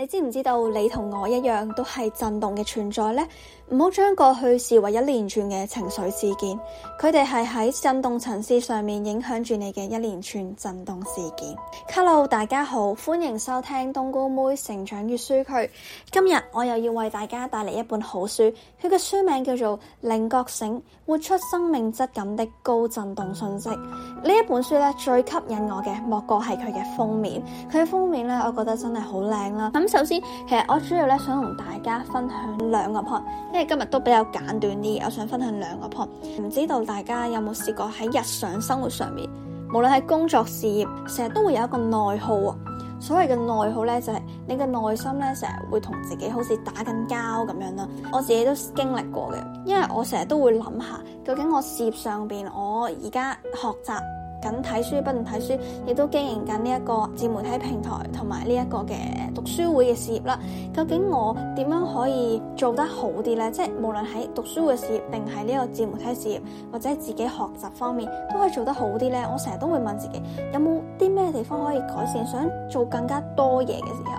你知唔知道你同我一樣都係震動嘅存在呢？唔好將過去視為一連串嘅情緒事件，佢哋係喺震動層次上面影響住你嘅一連串震動事件。Hello，大家好，歡迎收聽冬菇妹成長閱書區。今日我又要為大家帶嚟一本好書，佢嘅書名叫做《靈覺醒：活出生命質感的高震動信息》。呢一本書咧最吸引我嘅，莫過係佢嘅封面。佢嘅封面咧，我覺得真係好靚啦。首先，其實我主要咧想同大家分享兩個 point，因為今日都比較簡短啲，我想分享兩個 point。唔知道大家有冇試過喺日常生活上面，無論喺工作、事業，成日都會有一個內耗啊。所謂嘅內耗咧，就係你嘅內心咧，成日會同自己好似打緊交咁樣啦。我自己都經歷過嘅，因為我成日都會諗下，究竟我事業上面，我而家學習，緊睇書，不斷睇書，亦都經營緊呢一個自媒體平台同埋呢一個嘅讀書會嘅事業啦。究竟我點樣可以做得好啲呢？即係無論喺讀書會嘅事業，定係呢一個自媒體事業，或者自己學習方面，都可以做得好啲呢？我成日都會問自己，有冇啲咩地方可以改善，想做更加多嘢嘅時候，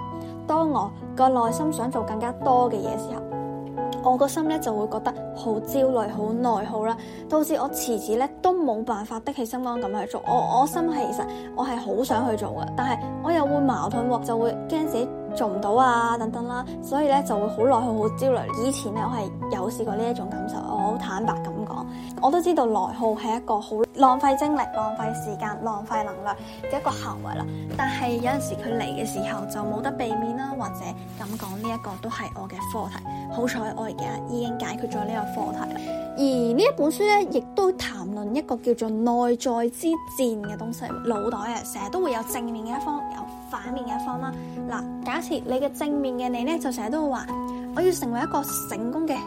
當我個內心想做更加多嘅嘢時候。我個心咧就會覺得好焦慮、好內耗啦，導致我遲遲咧都冇辦法的起心肝咁去做。我我心係其實我係好想去做嘅，但係我又會矛盾，就會驚自己做唔到啊等等啦，所以咧就會好內耗、好焦慮。以前咧我係有試過呢一種感受，我好坦白。我都知道內耗係一個好浪費精力、浪費時間、浪費能量嘅一個行為啦。但係有陣時佢嚟嘅時候就冇得避免啦，或者咁講，呢一個都係我嘅課題。好彩我而家已經解決咗呢個課題。而呢一本書咧，亦都談論一個叫做內在之戰嘅東西，腦袋啊，成日都會有正面嘅一方，有反面嘅一方啦。嗱，假設你嘅正面嘅你咧，就成日都會話，我要成為一個成功嘅。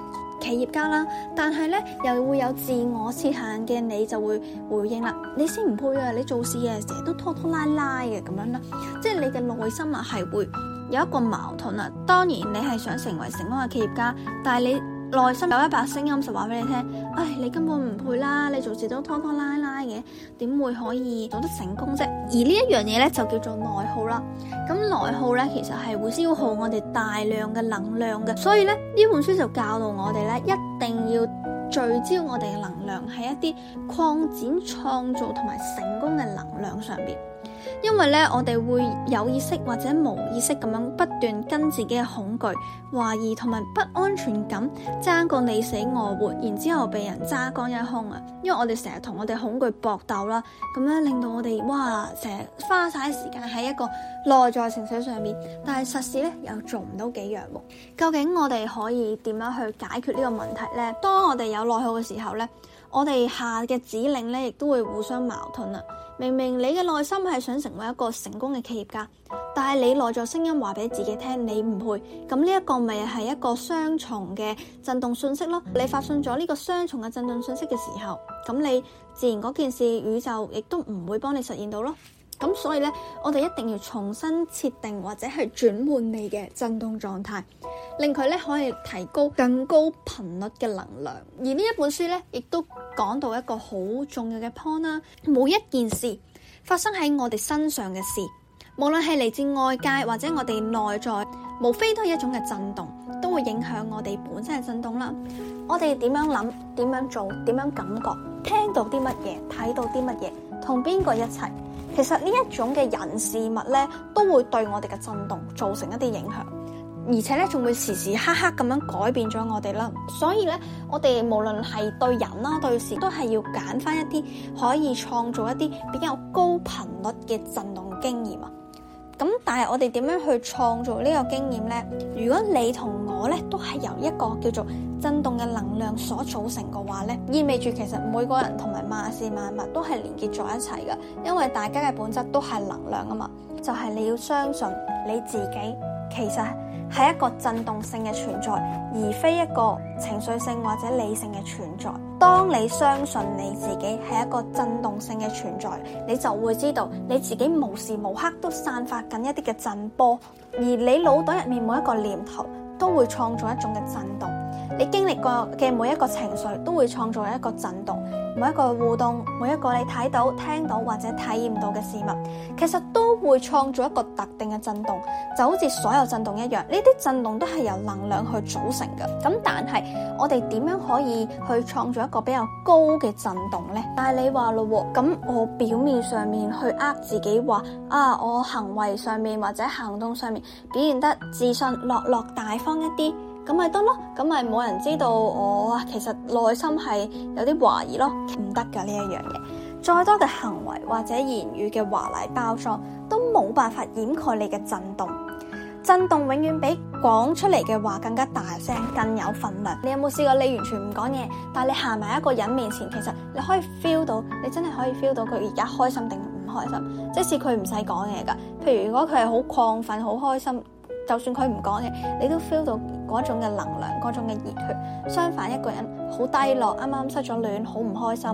企業家啦，但係呢，又會有自我設限嘅，你就會回應啦。你先唔配啊！你做事啊成日都拖拖拉拉嘅咁樣啦，即係你嘅內心啊係會有一個矛盾啊。當然你係想成為成功嘅企業家，但係你。內心有一把聲音就話俾你聽，唉，你根本唔配啦，你做事都拖拖拉拉嘅，點會可以做得成功啫？而呢一樣嘢咧就叫做內耗啦。咁內耗咧其實係會消耗我哋大量嘅能量嘅，所以咧呢本書就教導我哋咧一定要聚焦我哋嘅能量喺一啲擴展、創造同埋成功嘅能量上邊。因為咧，我哋會有意識或者冇意識咁樣不斷跟自己嘅恐懼、懷疑同埋不安全感爭個你死我活，然之後被人揸乾一空啊！因為我哋成日同我哋恐懼搏鬥啦，咁樣令到我哋哇，成日花晒時間喺一個內在情緒上面。但係實事咧又做唔到幾樣。究竟我哋可以點樣去解決呢個問題呢？當我哋有內耗嘅時候呢，我哋下嘅指令咧亦都會互相矛盾啊！明明你嘅內心係想成為一個成功嘅企業家，但係你內在聲音話俾自己聽，你唔配，咁呢一個咪係一個雙重嘅震動信息咯。你發信咗呢個雙重嘅震動信息嘅時候，咁你自然嗰件事，宇宙亦都唔會幫你實現到咯。咁所以咧，我哋一定要重新設定或者係轉換你嘅震動狀態。令佢咧可以提高更高頻率嘅能量，而呢一本書咧亦都講到一個好重要嘅 point 啦。每一件事發生喺我哋身上嘅事，無論係嚟自外界或者我哋內在，無非都係一種嘅振動，都會影響我哋本身嘅振動啦。我哋點樣諗、點樣做、點樣感覺、聽到啲乜嘢、睇到啲乜嘢、同邊個一齊，其實呢一種嘅人事物咧，都會對我哋嘅振動造成一啲影響。而且咧，仲會時時刻刻咁樣改變咗我哋啦，所以咧，我哋無論係對人啦，對事都係要揀返一啲可以創造一啲比較高頻率嘅振動經驗啊。咁但係我哋點樣去創造呢個經驗呢？如果你同我咧都係由一個叫做振動嘅能量所組成嘅話咧，意味住其實每個人同埋萬事萬物都係連結在一齊嘅，因為大家嘅本質都係能量啊嘛。就係、是、你要相信你自己。其實係一個震動性嘅存在，而非一個情緒性或者理性嘅存在。當你相信你自己係一個震動性嘅存在，你就會知道你自己無時無刻都散發緊一啲嘅震波，而你腦袋入面每一個念頭都會創造一種嘅震動。個嘅每一個情緒都會創造一個振動，每一個互動，每一個你睇到、聽到或者體驗到嘅事物，其實都會創造一個特定嘅振動，就好似所有振動一樣。呢啲振動都係由能量去組成嘅。咁但係我哋點樣可以去創造一個比較高嘅振動呢？但係你話咯，咁我表面上面去呃自己話啊，我行為上面或者行動上面表現得自信、落落大方一啲。咁咪得咯，咁咪冇人知道我啊、哦，其實內心係有啲懷疑咯，唔得㗎呢一樣嘢。再多嘅行為或者言語嘅華麗包裝，都冇辦法掩蓋你嘅振動。振動永遠比講出嚟嘅話更加大聲，更有份量。你有冇試過？你完全唔講嘢，但係你行埋一個人面前，其實你可以 feel 到，你真係可以 feel 到佢而家開心定唔開心。即使佢唔使講嘢㗎，譬如如果佢係好亢奮、好開心，就算佢唔講嘢，你都 feel 到。嗰種嘅能量，嗰種嘅熱血。相反，一個人好低落，啱啱失咗戀，好唔開心。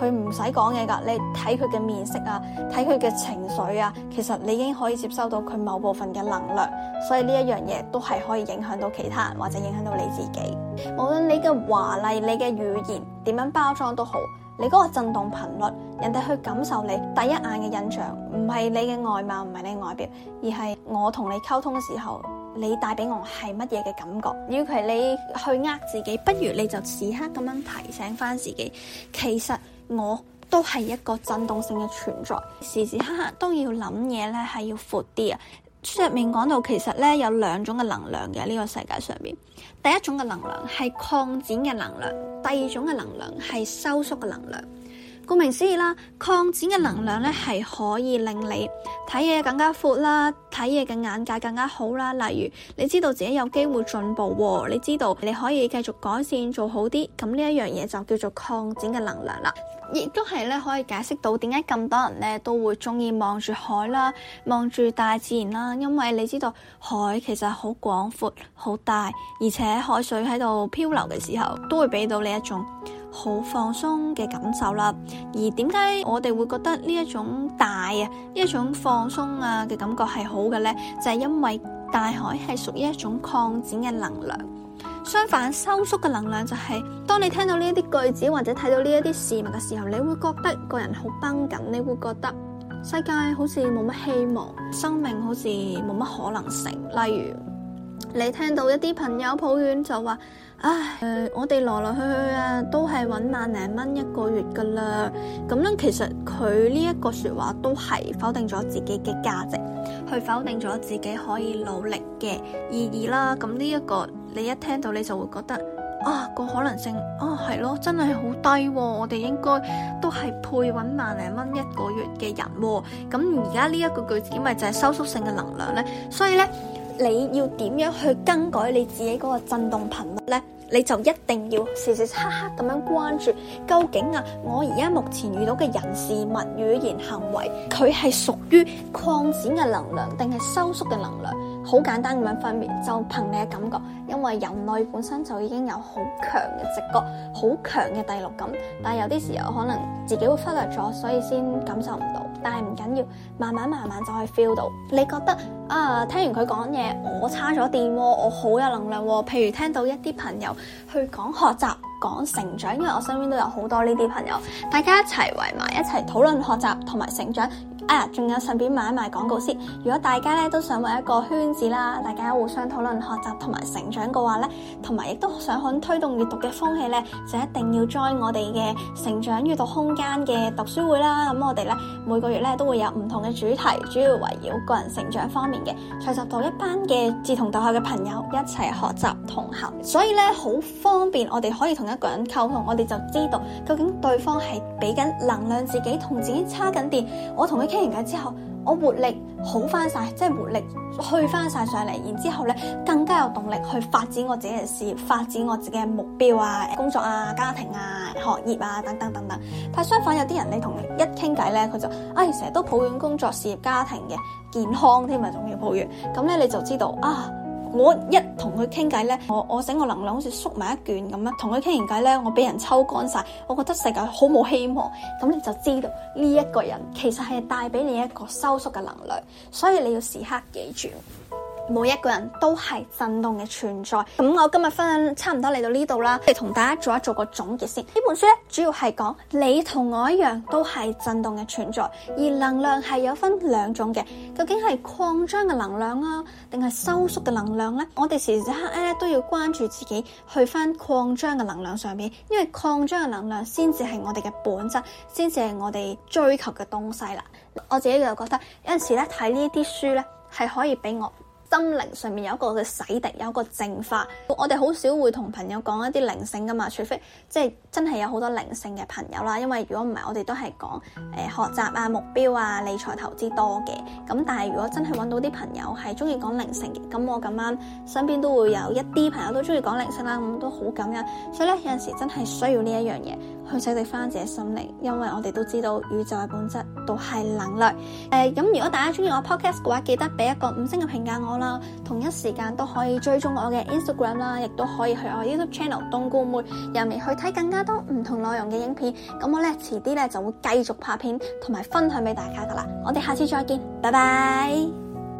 佢唔使講嘢噶，你睇佢嘅面色啊，睇佢嘅情緒啊，其實你已經可以接收到佢某部分嘅能量。所以呢一樣嘢都係可以影響到其他人，或者影響到你自己。無論你嘅華麗，你嘅語言點樣包裝都好，你嗰個震動頻率，人哋去感受你第一眼嘅印象，唔係你嘅外貌，唔係你嘅外表，而係我同你溝通嘅時候。你帶俾我係乜嘢嘅感覺？與其你去呃自己，不如你就時刻咁樣提醒翻自己，其實我都係一個震動性嘅存在，時時刻刻都要諗嘢咧，係要闊啲啊！書入面講到，其實咧有兩種嘅能量嘅呢個世界上面，第一種嘅能量係擴展嘅能量，第二種嘅能量係收縮嘅能量。顧名思義啦，擴展嘅能量咧係可以令你睇嘢，更加闊啦，睇嘢嘅眼界更加好啦。例如，你知道自己有機會進步，你知道你可以繼續改善，做好啲，咁呢一樣嘢就叫做擴展嘅能量啦。亦都係咧可以解釋到點解咁多人咧都會中意望住海啦，望住大自然啦，因為你知道海其實好廣闊、好大，而且海水喺度漂流嘅時候，都會俾到你一種。好放鬆嘅感受啦，而點解我哋會覺得呢一種大啊，呢一種放鬆啊嘅感覺係好嘅呢？就係因為大海係屬於一種擴展嘅能量，相反收縮嘅能量就係當你聽到呢一啲句子或者睇到呢一啲事物嘅時候，你會覺得個人好繃緊，你會覺得世界好似冇乜希望，生命好似冇乜可能性，例如，你聽到一啲朋友抱怨就話，唉，呃、我哋來來去去啊，都係揾萬零蚊一個月噶啦。咁樣其實佢呢一個説話都係否定咗自己嘅價值，去否定咗自己可以努力嘅意義啦。咁呢一個你一聽到你就會覺得，啊個可能性，啊係咯，真係好低，啊。我哋應該都係配揾萬零蚊一個月嘅人，啊。咁而家呢一個句子咪就係收縮性嘅能量呢，所以呢。你要點樣去更改你自己嗰個振動頻率咧？你就一定要時時刻刻咁樣關注，究竟啊，我而家目前遇到嘅人事、物、語言、行為，佢係屬於擴展嘅能量，定係收縮嘅能量？好簡單咁樣分別，就憑你嘅感覺，因為人類本身就已經有好強嘅直覺，好強嘅第六感，但係有啲時候可能自己會忽略咗，所以先感受唔到。但係唔緊要，慢慢慢慢就可以 feel 到。你覺得啊，聽完佢講嘢，我差咗電，我好有能量。譬如聽到一啲朋友去講學習、講成長，因為我身邊都有好多呢啲朋友，大家一齊圍埋一齊討論學習同埋成長。啊，仲有順便買埋廣告先。如果大家咧都想搵一個圈子啦，大家互相討論、學習同埋成長嘅話咧，同埋亦都想可推動閱讀嘅風氣咧，就一定要 join 我哋嘅成長閱讀空間嘅讀書會啦。咁我哋咧每個月咧都會有唔同嘅主題，主要圍繞個人成長方面嘅，聚集到一班嘅志同道合嘅朋友一齊學習同行。所以咧好方便，我哋可以同一個人溝通，我哋就知道究竟對方係俾緊能量自己，同自己叉緊電。我同佢傾完之後，我活力好翻晒，即係活力去翻晒上嚟。然之後咧，更加有動力去發展我自己嘅事業，發展我自己嘅目標啊、工作啊、家庭啊、學業啊等等等等。但係相反，有啲人你同一傾偈咧，佢就唉，成日都抱怨工作、事業、家庭嘅健康添咪仲要抱怨。咁咧，你就知道啊。我一同佢傾偈咧，我我整個能量好似縮埋一卷咁啦。同佢傾完偈咧，我俾人抽乾晒。我覺得世界好冇希望。咁你就知道呢一個人其實係帶俾你一個收縮嘅能量，所以你要時刻記住。每一個人都係振動嘅存在，咁我今日分享差唔多嚟到呢度啦，嚟同大家做一做一個總結先。呢本書咧主要係講你同我一樣都係振動嘅存在，而能量係有分兩種嘅，究竟係擴張嘅能量啊，定係收縮嘅能量呢？我哋時時刻刻都要關注自己去返擴張嘅能量上面，因為擴張嘅能量先至係我哋嘅本質，先至係我哋追求嘅東西啦。我自己就覺得有陣時咧，睇呢啲書咧係可以俾我。心靈上面有一個嘅洗滌，有一個淨化。我哋好少會同朋友講一啲靈性噶嘛，除非即係真係有好多靈性嘅朋友啦。因為如果唔係，我哋都係講誒學習啊、目標啊、理財投資多嘅。咁但係如果真係揾到啲朋友係中意講靈性嘅，咁我咁啱身邊都會有一啲朋友都中意講靈性啦，咁都好感恩。所以咧，有陣時真係需要呢一樣嘢去洗滌翻自己心靈，因為我哋都知道宇宙嘅本質都係能量。誒、呃、咁，如果大家中意我 podcast 嘅話，記得俾一個五星嘅評價我。同一時間都可以追蹤我嘅 Instagram 啦，亦都可以去我 YouTube Channel 冬菇妹入面去睇更加多唔同內容嘅影片。咁我呢遲啲呢就會繼續拍片同埋分享俾大家㗎喇。我哋下次再見，拜拜。